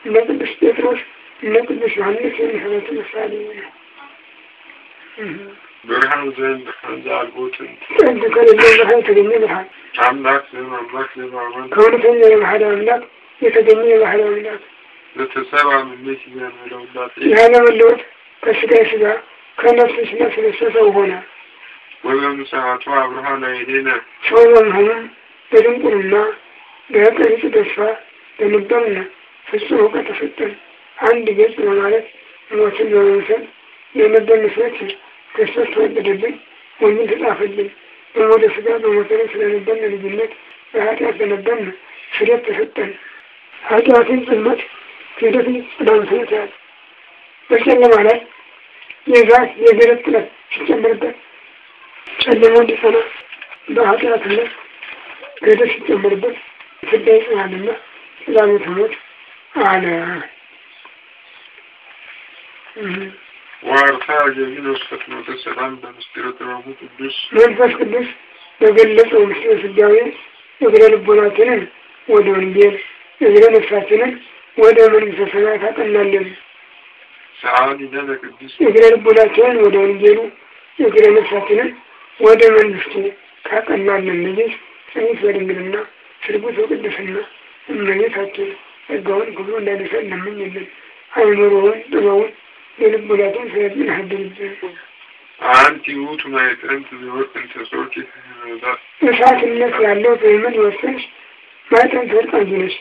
እነ ቅዱስ ጴጥሮስ እነ ቅዱስ ዮሐንስ የሚሰበት ምሳሌ ነው። ብርሃን ዘንድ አንዛልቦትን እንድ ከሌለ ብርሃን የተገኘ ብርሃን አምላክ ዝም አምላክ ዝም አመን ከእውነተኛ የባህል አምላክ የተገኘ የባህል አምላክ ለተሰባ ምሜት እያመለውላት ስጋ ከስጋ ስጋ ከነፍስ ነፍስ ለሰሰው ሆነ። ወበምስዓቱ አብርሃነ ይዴነ ሰው በመሆኑም በድንቁርና በቀሪጽ ተስፋ በመባምና ፍጹም እውቀት ተሰጠን። አንድ ገጽ በማለት ሞትን በመምሰል ነው። ክርስቶስ ተወደደብን፣ ወይም ተጻፈልኝ። በሞደ ስጋ በሞተረ ስለነበርን ልጅነት በኃጢአት በነበርን ስደት ተሰጠን። ኃጢአትን ጽልመት፣ ክህደትን ጽዳም ሰጥቶታል። በጨለማ ላይ የዛት የገለት ጥለት ሲጨመርበት ጨለማ እንዲሰና በኃጢአትነት ገደል ሲጨመርበት ስዳ ይጽናልና ሰላም ትሞት አለ። ዋርታ መንፈስ ቅዱስ በገለጸው ምስጢረ ስጋዌ እግረ ልቦናችንን ወደ ወንጌል እግረ ነፍሳችንን ወደ መንግሥተ ሰማያት አቀናለን። እግረ ልቦናችንን ወደ ወንጌሉ እግረ ነፍሳችንን ወደ መንግሥቱ ካቀናለን ልጅ ጽንት በድንግልና ስርጉት በቅድስና እመቤታችን ጸጋውን ክብሩ እንዳደሰ ለምኝልን። አይምሮውን ጥበውን የልብ ወዳቱን ስለዚህ ናህብል አንቲ ውእቱ ማኅፀን ትዘወርቅ እንተ ጾርኪ እሳትነት ያለው ዘመን ወሰንሽ ማኅፀን ትወርቅ አንቺ ነሽ።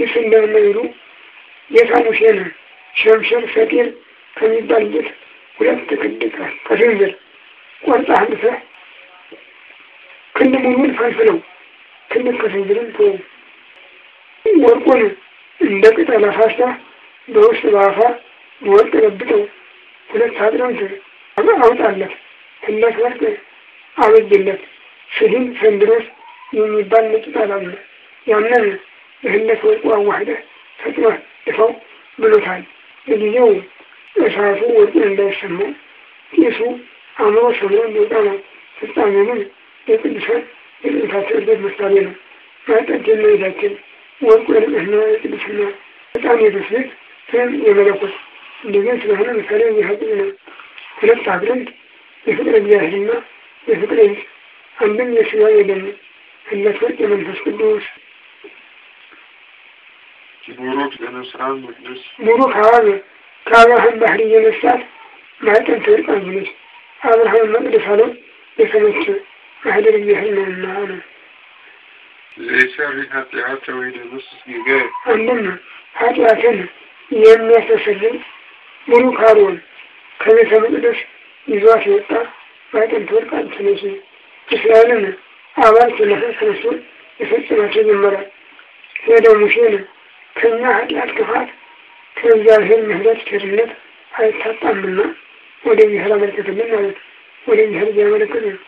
ይህ እንደመይሩ የፋኑሴን ሸምሸር ፈጢር ከሚባል ሁለት ክንድ ከስንዝር ቆርጣ አንስተህ ክንድ ሙሉን ፈልፍለው ክንድ ከስንዝርን ተወው። ወርቁን እንደ ቅጠል አሳሳ በውስጥ በአፋ ወርቅ ለብጠው ሁለት አውጣ አውጣለት ትነት ወርቅ አበጅለት ስሂም ሰንድሮስ የሚባል ነጭ አለ። ያንን በህለት ወርቁ አዋህደ ፈጥነህ ድፈው ብሎታል። የጊዜው እሳቱ ወርቁን እንዳይሰማው ቄሱ አምሮ ሰምሮ እንዲወጣ ነው። ፍጻሜውም የቅዱሳን የቅዱሳቸው እድገት ምሳሌ ነው። ማጠጀና ይዛችን ወርቁ የልቅና የቅዱስና በጣም ቤት ስም የመለኮት እንደዚያ ስለሆነ ምሳሌ የሀቅና ሁለት አድረግ የፍቅር እግዚአብሔርና የፍቅር አንድም የስጋ የደም ሁለት ወርቅ የመንፈስ ቅዱስ ቡሩክ አብ ከአብርሃም ባህሪ የነሳት ማዕጠን ትወርቅ አንጅነች አብርሃም መቅደስ አለው የሰመች ማህደር እግዚአብሔር ነውና ነው አንድም ኃጢአትን የሚያስተሰግድ ቡሩክ አሮን ከቤተ መቅደስ ይዟት የወጣ በአጥንት ወርቅ አልተነሽ እስራኤልን አባል ተነሳት ተነስቶ የፈጽማቸው ጀመረ። ወደ ሙሴን ከእኛ ኃጢአት ክፋት ከእግዚአብሔር ምሕረት ቸርነት አይታጣምና ወደ እግዚአብሔር አመልክትልን ማለት ወደ እግዚአብሔር እያመለከተ ነው።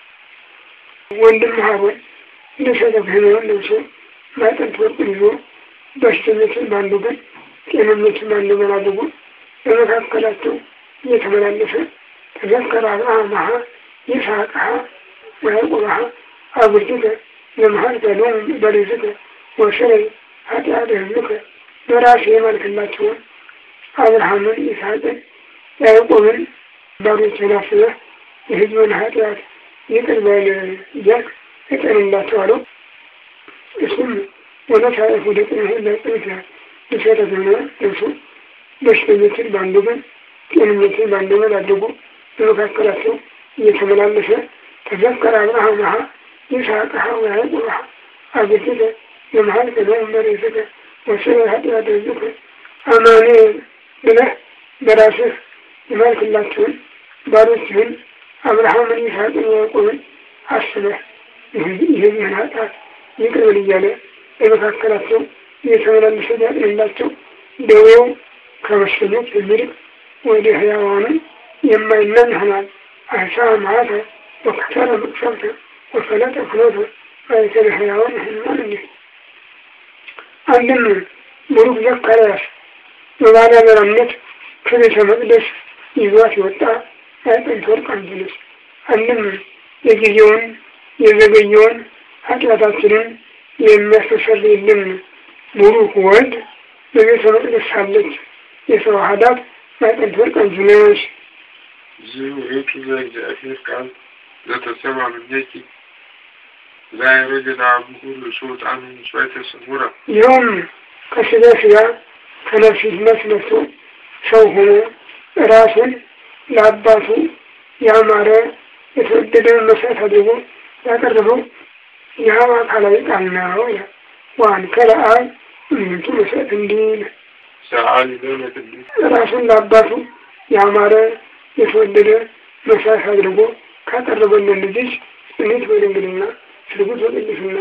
ወንድም ሀሮን እንደሰጠው ህመውን ለብሶ በአጥንት ወርቁን ይዞ በሽተኞችን ባንዱ ግን ጤነኞችን ባንዱ ግን አድርጎ በመካከላቸው እየተመላለሰ ተዘከረ አብርሃምሃ ይስሐቅሃ ወያዕቆብሃ አብርጅከ ለመሀልተ ሎሙ በልዝከ ወስረይ ኃጢአትህምከ በራሴ የማልክላቸውን አብርሃምን ይስሐቅን ያዕቆብን ባሮቼን አስበህ የሕዝብን ኃጢአት ይቅር በል እያልክ እጠንላቸው አለው። እሱም ወለታዕርፉ ደቂመ ለጽንሰ ብሶተ ዘመና ልብሱ በሽተኞችን በአንድ ወገን ጤነኞችን በአንድ ወገን አድርጎ በመካከላቸው እየተመላለሰ ተዘከረ አብርሃም ሀ ይስሐቅ ሀ ወያዕቆብ ሀ አግድተ ለመሀልከ ለመመሬትከ ወስለ ኃጢአት ሕዝብከ አማኑኤል ብለህ በራስህ የማልክላቸውን ባሮችህን አብርሃምን ይስሐቅን ያዕቆብን አስበህ ኃጢአት ይቅር በል እያለ በመካከላቸው እየተመላለሰ ደዌው ከውስልት ይልቅ ወደ ህያዋንም የማይመን ይሆናል። አሳ ማተ ወከተረ መቅሰፍተ ወፈለጠ ፍኖተ ባይተለ ህያዋን ህልማን እንዲህ አንድም ብሩክ ዘካርያስ በባለ በራነት ከቤተ መቅደስ ይዟት የወጣ ያጠንት ወርቅ አንድነስ አንድም የጊዜውን የዘገየውን ኃጢአታችንን የሚያስተሰርይልን ብሩክ ወልድ በቤተ መቅደስ አለች። يسوى حدث ما تنفرق الجناش زيو هيك زيك زي قال لا تسمع من ديكي لا يريد عبده الشروط عنه من شوية السمورة يوم كسلاسيا كان في مثلة شوهنا راس لعباس يعمر يتردد المسافة به لا تقرب يا على يقعنا وعن كلا من كل شيء دينه ራሱን ለአባቱ ያማረ የተወደደ መሳይ አድርጎ ካቀረበልን ልጆች እኔት በድንግልና ስርጉት በቅድስና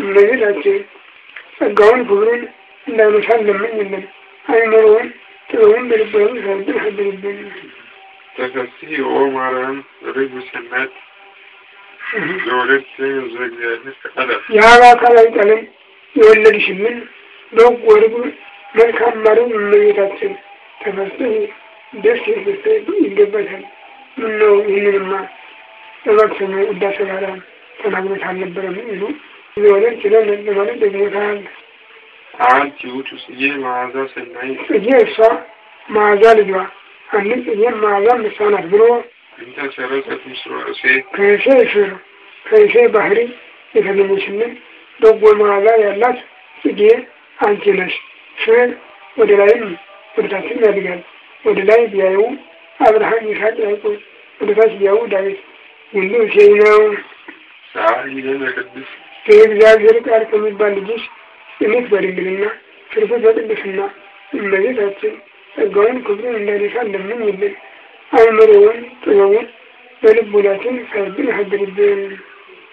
እመቤታችን ጸጋውን ክብሩን እንዳይመሳል ለምኝልን አይኖረውን ጥበቡን በልባሉ ሳብን ሀብልብን ተከሲ ኦ ማርያም ርግ ሰናት የወለድ ዘግያነት ያ በአካላዊ ቀለም የወለድሽምን በጎ ርግብ መልካም ማለት እመቤታችን ተመስገን ደስ ልትሰኙ ይገባታል። ምነው ይህንንማ እባክሽን ውዳሴ ማርያም ተናግሮት አልነበረም ይሉ ሊሆነ ችለን ለማለት ደግሞታል። አንቺ ውቱ ጽጌ መዓዛ ሰናይ ጽጌ እሷ መዓዛ ልጇ አንድ ጽጌ መዓዛ እሷ ናት ብሎ ከሴ ምስሮ ከሴ ስር ባህሪ የተለየችልን በጎ መዓዛ ያላት ጽጌ አንቺ ነሽ ሸል ወደ ላይም ወደ ታችም ያድጋል። ወደ ላይ ቢያዩ አብርሃም፣ ይስሐቅ፣ ያዕቆብ፣ ወደ ታች ቢያዩ ዳዊት። ሁሉ እሴይ ነው። የእግዚአብሔር ቃል ከሚባል ልጅሽ እምነት በድንግልና ትርፉ በቅድስና እመቤታችን ጸጋውን ክብሩን እንዳይነሳ ይልን አእምሮውን ጥበቡን በልቡናችን ሳይብን ሀድርብን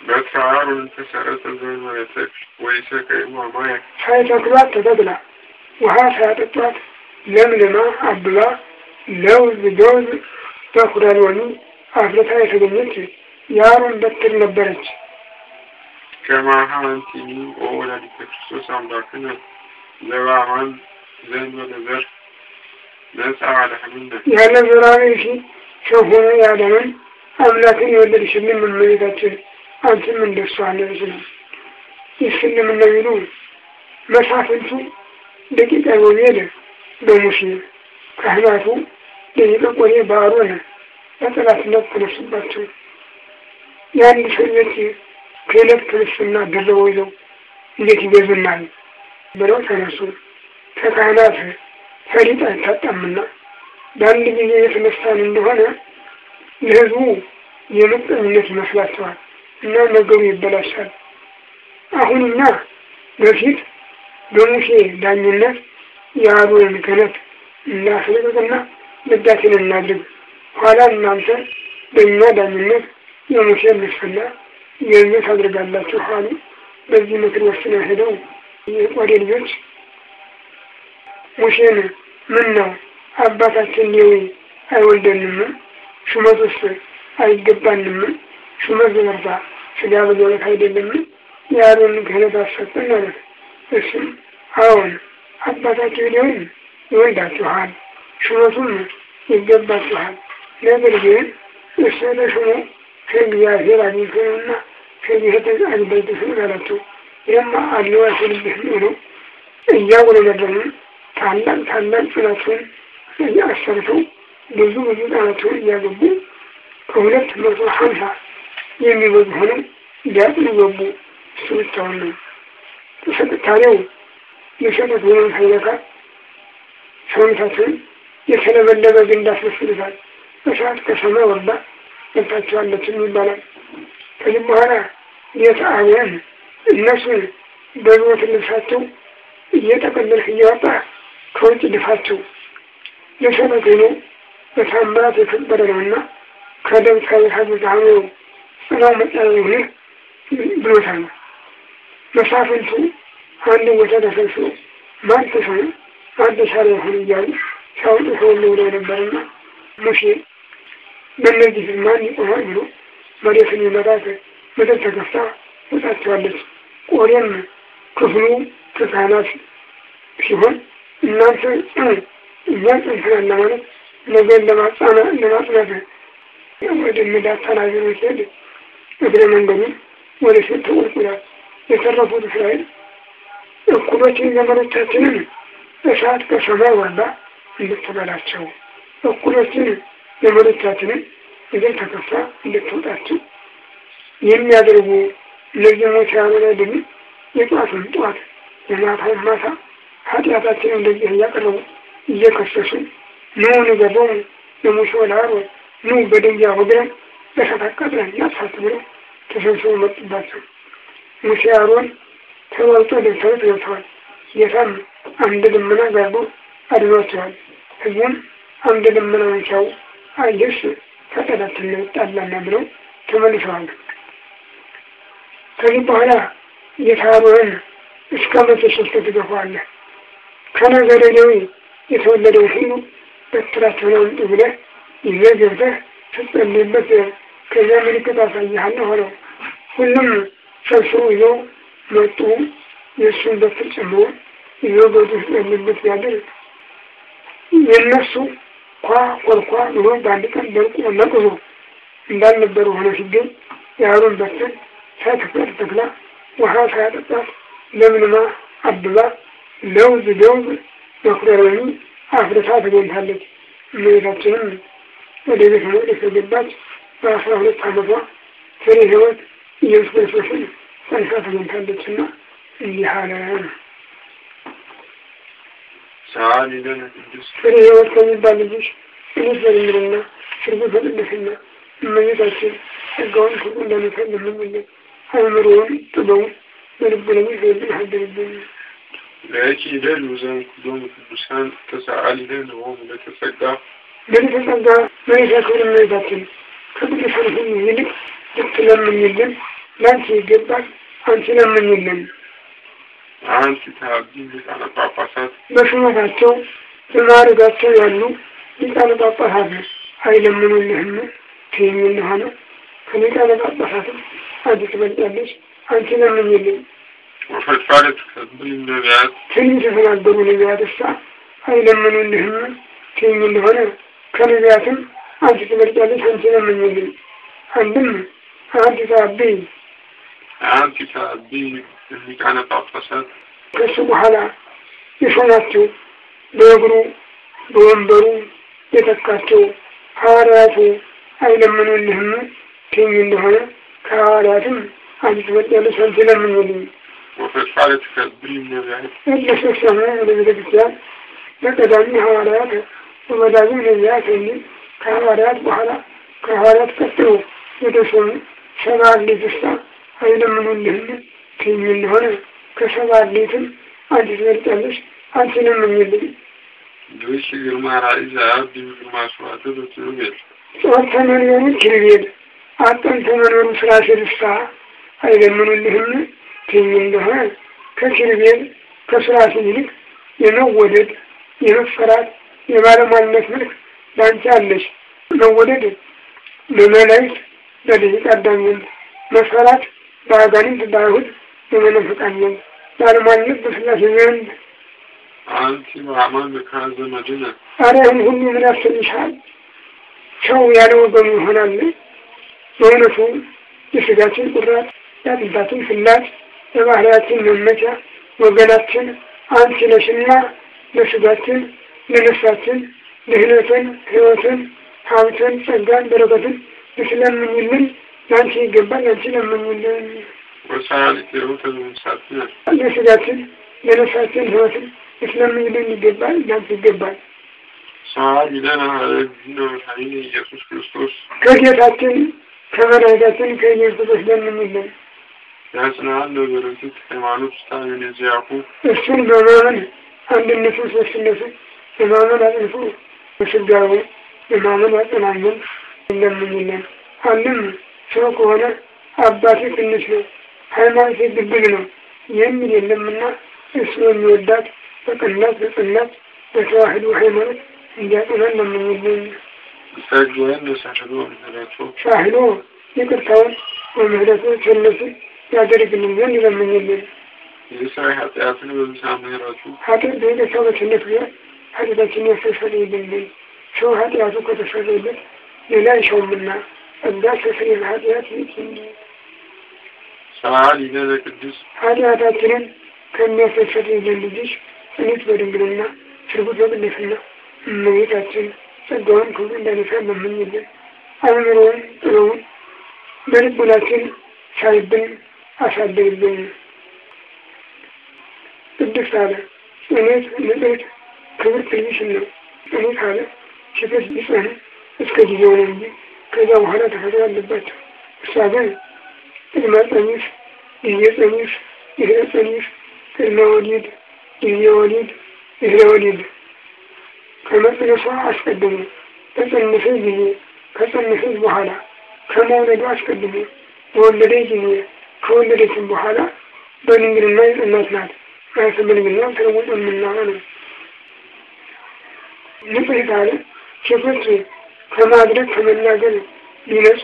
በተራሩን ተሰረተ ዘመሬቶች ወይሰ ከይማማያ ሳይተክሏት ተተክላ وهات هاتتا لملما عبلا لو بدون تاخد الوني عبلتها يخدمينك يا رب بكر نبرج كما هانتيني وولا لكريسوس عمباكنا لو عمان زين ونذر نسعى على حميننا يا نبراني في شوفونا يا دمان أملاكني ودر شمي من مريضاتي أنت من دسوان رجلا يسلم النبيلون مسافة ደቂቀ ጎቤል በሙሴ ካህናቱ ደቂቀ ቆሬ በአሮን በጠላትነት ተነሱባቸው። የአንድ ሰው ቤት ክህነት ክርስትና ደርበው ይዘው እንዴት ይገዝናል ብለው ተነሱ። ከካህናት ፈሪጥ አይታጣምና በአንድ ጊዜ የተነሳን እንደሆነ ለህዝቡ የምቀኝነት ይመስላቸዋል እና ነገሩ ይበላሻል። አሁንና በፊት በሙሴ ዳኝነት የአሮንን ክህነት እናስለቅቅና ልዳሴን እናድርግ። ኋላ እናንተ በእኛ ዳኝነት የሙሴ ልስፍና የእኛ አድርጋላችሁ አሉ። በዚህ ምክር ወስነው ሄደው የቆሬ ልጆች ሙሴን ምን ነው አባታችን ሌዊ አይወልደንም? ውስጥ አይገባንም? ሹመት በበርታ ስጋ በዛነት አይደለም? የአሮን ክህነት ማለት አለት እሱም አሁን አባታችሁ ሊሆን ይወልዳችኋል፣ ሹመቱም ይገባችኋል። ነገር ግን እሰነ ለሹሙ ከእግዚአብሔር አግኝተውና ከጌታ አግኝታችሁ አላቸው። ይህማ አለው አይሆንብህም ብሎ እያወለደደሙ ታላቅ ታላቅ ጭላቸውን አሰርተው ብዙ ብዙ ጣናቸውን እያገቡ ከሁለት መቶ ሀምሳ የሚበዙ ሆነው ዲያጥን ገቡ። እሱ ብቻውን ነው። የስልጣኔው የሸነት ወይም ሳይነካ ሰውነታችን የተለበለበ ግንድ ያስመስሉታል። እሳት ከሰማ ወርዳ ገብታችኋለችም ይባላል። ከዚህ በኋላ ጌታ አብያን እነሱን በሕይወት ልብሳቸው እየጠቀለልክ እያወጣ ከውጭ ድፋቸው የሰነት ሆኖ በታምራት የከበረ ነውና ከደብታ የሀዘ ጸናው መጫ ሆነ ብሎታል። መሳፍንቱ አንድ ቦታ ተሰብስቦ ማን ተሳነ አንድ ሳላ ይሆን እያሉ ሲያወጡ ሰውን ሆነው ነበርና ሙሴ በእነዚህ ማን ይቆማል ብሎ መሬትን ይመጣት ምድር ተከፍታ ወጣቸዋለች። ቆሬም ክፍሉ ከካህናት ሲሆን እናንተ እኛ ጽንፍናና ለማለት ነገን ለማጽናት ወደ ምዳታናገሮች ሄድ እግረ መንገዱ ወደ ሴት ተቆልቁላል የተረፉት እስራኤል እኩሎችን ዘመዶቻችንን እሳት ከሰማይ ወርዳ እንድትበላቸው፣ እኩሎችን ዘመዶቻችንን እዚህ ተከፋ እንድትወጣቸው የሚያደርጉ እነዚህ ሞት ያበላ ድም ጠዋት የማታ ማታ ኃጢአታችንን እንደዚህ እያቀረቡ እየከሰሱ ኑ ንገቦሙ ለሙሴ ለአሮን ኑ በድንጋይ ወግረን በእሳት አቃጥለን እናጥፋት ብለው ተሰብስበው መጡባቸው። ሙሴ አሮን ተበልጦ ደብተሮች ገብተዋል። ጌታም አንድ ልመና ጋርዶ አድኗቸዋል። ህዝቡም አንድ ደመናውን ሲያው አየሽ ከጠላትና ይጣላና ብለው ተመልሰዋል። ከዚህ በኋላ ጌታ አሮንን እስከ መቼ ሶስት ትገፋዋለህ? ከነገደ ሌዊ የተወለደው ሁሉ በትራቸውን አምጡ ብለህ ይዘህ ገብተህ ትጸልይበት ከዚያ ምልክት አሳይሃለሁ አለው። ሁሉም ሰብስቦ ይዘው መጡ። የእሱን በትር ጭኖ ይዘው በዱስ ለምነት ያደርግ የእነሱ ኳ ኮርኳ ብሎ በአንድ ቀን ደርቆ ነቅዞ እንዳልነበረ ሆነ ሲገኝ የአሮን በትር ሳትክላት ተክላ ውሃ ሳያጠጣት ለምንማ አብባ ለውዝ ለውዝ መኩረረኒ አፍርታ ተገኝታለች። እመቤታችንም ወደ ቤተ መቅደስ የገባች በአስራ ሁለት ዓመቷ ፍሬ ህይወት የእግዚአብሔርን መንካት መንካለችና ይሃለን ሳሊደን ፍሬ ህይወት ከሚባል ልጆች እንዘልምርና ፍርዱ ፈልግስና እመቤታችን ጸጋውን ፍሩ እንደሚፈልግ ልምለን አእምሮውን ጥበውን በልቡ ለሚገዙ ሀደርብን ለእኪ ይደሉ ዘንድ ኩሎም ቅዱሳን ተሳአሊደን ሆም ለተጸጋ ለተጸጋ መሬታ ክብር እመቤታችን ከቅዱሳን ሁሉ ይልቅ ትለምኝልን ለአንቺ ይገባል። አንቺ ለምኝልን። አንቺ ታዋቂ ሊቃነ ጳጳሳት በሹመታቸው በማዕረጋቸው ያሉ ሊቃነ ጳጳሳት አይለምኑልህም? ትይኝልህ አለ። ከሊቃነ ጳጳሳትም አንቺ ትበልጫለሽ። አንቺ ለምኝልን። ወፈጫለ ትከብል ነቢያት ትንሽ የተናገሩ ነቢያት እሳ አይለምኑልህም? ትይኝልህ አለ። ከነቢያትም አንቺ ትበልጫለሽ። አንቺ ለምኝልን። አንድም አንቺ ታዋቂ አንቺ ዲን ሊቃነ ጳጳሳት ከሱ በኋላ የሾማቸው በእግሩ በወንበሩ የተካቸው ሐዋርያቱ አይለምኑልህም ትኝ እንደሆነ ከሐዋርያትም አንቺ ትበልጫለሽ አንቺ ለምኑልኝ። ከሐዋርያት በኋላ ከሐዋርያት ቀጥሎ የተሾሙ አይለምኑልህም ትይኝ እንደሆነ ከሰባ ሌትም አንቺ ትበልጫለሽ። አንቺ ለምኝልኝ። ግሽ ግርማ ራእዛ ቢዩ ግርማ አይለምኑልህም ትይኝ እንደሆነ ይልቅ የመወደድ የመፈራት የባለሟልነት መልክ ለአንቺ አለሽ። መወደድ አዳም መፈራት በአጋንንት በአይሁድ የመለፍጣለን ያለማግኘት በስላሴ ዘንድ አንቲ በአማን ከዘ መድኅነ። ኧረ ሁሉ ምን ያስፈልግሻል? ሰው ያለ ወገኑ ይሆናል። በእውነቱ የስጋችን ቁራጭ የአጥንታችን ፍላጭ የባህሪያችን መመቻ ወገናችን አንቺ ነሽና ለስጋችን ለነፍሳችን ድህነትን፣ ሕይወትን፣ ሀብትን፣ ጸጋን፣ በረከትን ስለምንልን ለአንቺ ይገባል ለአንቺ ለመኝልን ለስጋችን ለነፍሳችን ህይወትን እስለምኝልን ይገባል ለአንቺ ይገባል። ኢየሱስ ክርስቶስ ከጌታችን ከመድኃኒታችን ከኢየሱስ ክርስቶስ ለምኝልን። ያጽናል በበረከት ሃይማኖት ስታሚን የዚያፉ እሱን በማመን አንድነቱ ሶስትነቱ በማመን አጥንፉ ስጋውን በማመን ያጸናልን ለምኝልን አንም ሰው ከሆነ አባቱ ትንሽ ነው፣ ሃይማኖት ድብግ ነው የሚል የለምና እሱ የሚወዳት በቅናት በቅናት በተዋህዶ ሃይማኖት እንዲያጠናን ለምንለኝ ሳህሎ ይቅርታውን በምህረቱ ቸለሱን ያደርግልን ዘንድ ለምንልን የሰራይ ኃጢአትን በምሳ ምህረቱ ኃጢአት በይቅርታው በቸነት ጊዜ ኃጢአታችን ያስተሰርይልን ሰው ኃጢአቱ ከተሰረይለት ሌላ አይሻውምና ጸዳሽ ፍሬ ኃጢአት ሰዓሊ ለዘቅዱስ ኃጢአታችንን ከሚያስተሰርይ ለልጅሽ ጽኒት በድንግልና ትርጉት በቅድስና እመቤታችን ጸጋዋን ክብሩ እንዳነሳ መመኝልን አእምሮውን ጥበውን በልቡናችን ሳይብን አሳድርብን። ቅድስት አለ ጽኔት ንጽሕት ክብር ነው። ጽኔት አለ ሽተት ይጽኑ እስከ ጊዜ። ነው እንጂ ከዛ በኋላ ተፈጥሮ አለባቸው። እሷ ግን ቅድመ ፀኒስ፣ ጊዜ ፀኒስ፣ ድህረ ፀኒስ፣ ቅድመ ወሊድ፣ ጊዜ ወሊድ፣ ድህረ ወሊድ ከመጽነሷ አስቀድሞ በፀነሰች ጊዜ ከፀነሰች በኋላ ከመውለዱ አስቀድሞ በወለደ ጊዜ ከወለደችም በኋላ በድንግልና የጸናች ናት። ራስ ተለወጠ ተለውጦ ነው። ንጽሕት አለ ሴቶች ከማድረግ ከመናገር ቢነጹ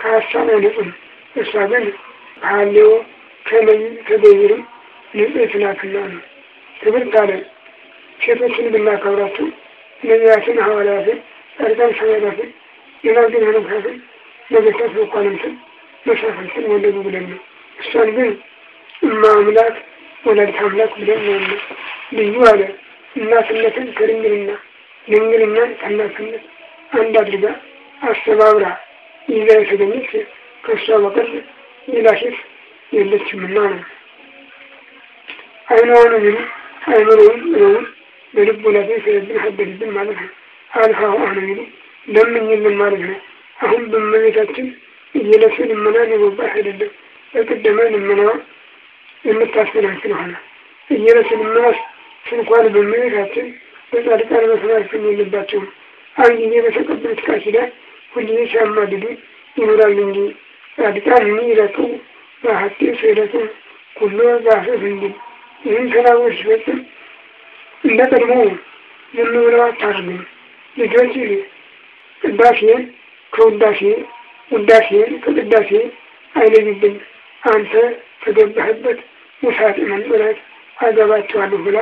ከሀሳብ አይነጹም። እሷ ግን ከሀሌዎ ከመይም ከገቢርም ንጽሕት ናትና ነው። ክብርት አለ ሴቶችን ብናከብራቸው ነቢያትን፣ ሐዋርያትን፣ ጻድቃን፣ ሰማዕታትን፣ ደናግል፣ መነኮሳትን፣ ነገሥታት፣ መኳንንትን፣ መሳፍንትን ወለዱ ብለን ነው። እሷን ግን እማ አምላክ ወላዲተ አምላክ ብለን ነው። ልዩ አለ እናትነትን ከድንግልና ድንግልናን ከእናትነት አንድ አድርጋ አስተባብራ ይዛ የተገኘች ከእሷ በቀር ሌላ ሴት የለችምና ነው። አይኗን ግን አይምሮውን ምነውን በልቡ ላሴ ስለብን ሀደድብን ማለት ነው። አልፋሁ አነ ሚሉ ለምኝልን ማለት ነው። አሁን በመቤታችን እየለሱ ልመና ሊወባት አይደለም። በቅደመ ልመና የምታስተናግድ ሆነ እየለሱ ልመና ስንኳን በመቤታችን በጻድቃን መስማት ግን የለባቸውም። አንድ ጊዜ በተቀበሉት ቃል ኪዳን ሁልጊዜ ሲያማልዱ ይኖራሉ እንጂ ጻድቃን ይረቱ በሀቴ ስዕለቱ ሁሉ ዛፍፍ እንዲል ይህን ከናወር ሲፈጽም እንደ ቀድሞ ዝም ብለው አታርግም። ልጆች ቅዳሴን ከውዳሴ ውዳሴን ከቅዳሴ አይለይብን አንተ ተገባህበት ውሳጤ መንበላት አገባቸዋለሁ ብላ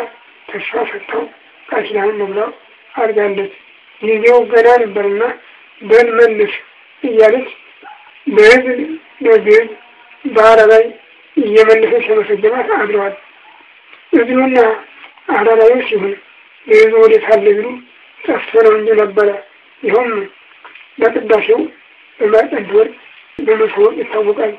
ተስፋ ሰጥተው ቃል ኪዳኑን ነግረው አድርጋለች። ጊዜው ገና ነበርና በል መልስ እያለች በህዝብ በግዕዝ ባህራ ላይ እየመለሰች ለመሰጀማት አድረዋል። እዚሁና አራላዩ ሲሆን ለይዞ ወዴት አለ ጠፍቶ ነው እንጂ ነበረ። ይኸውም በቅዳሴው በማዕፀድ ወርቅ በመሰወቅ ይታወቃል።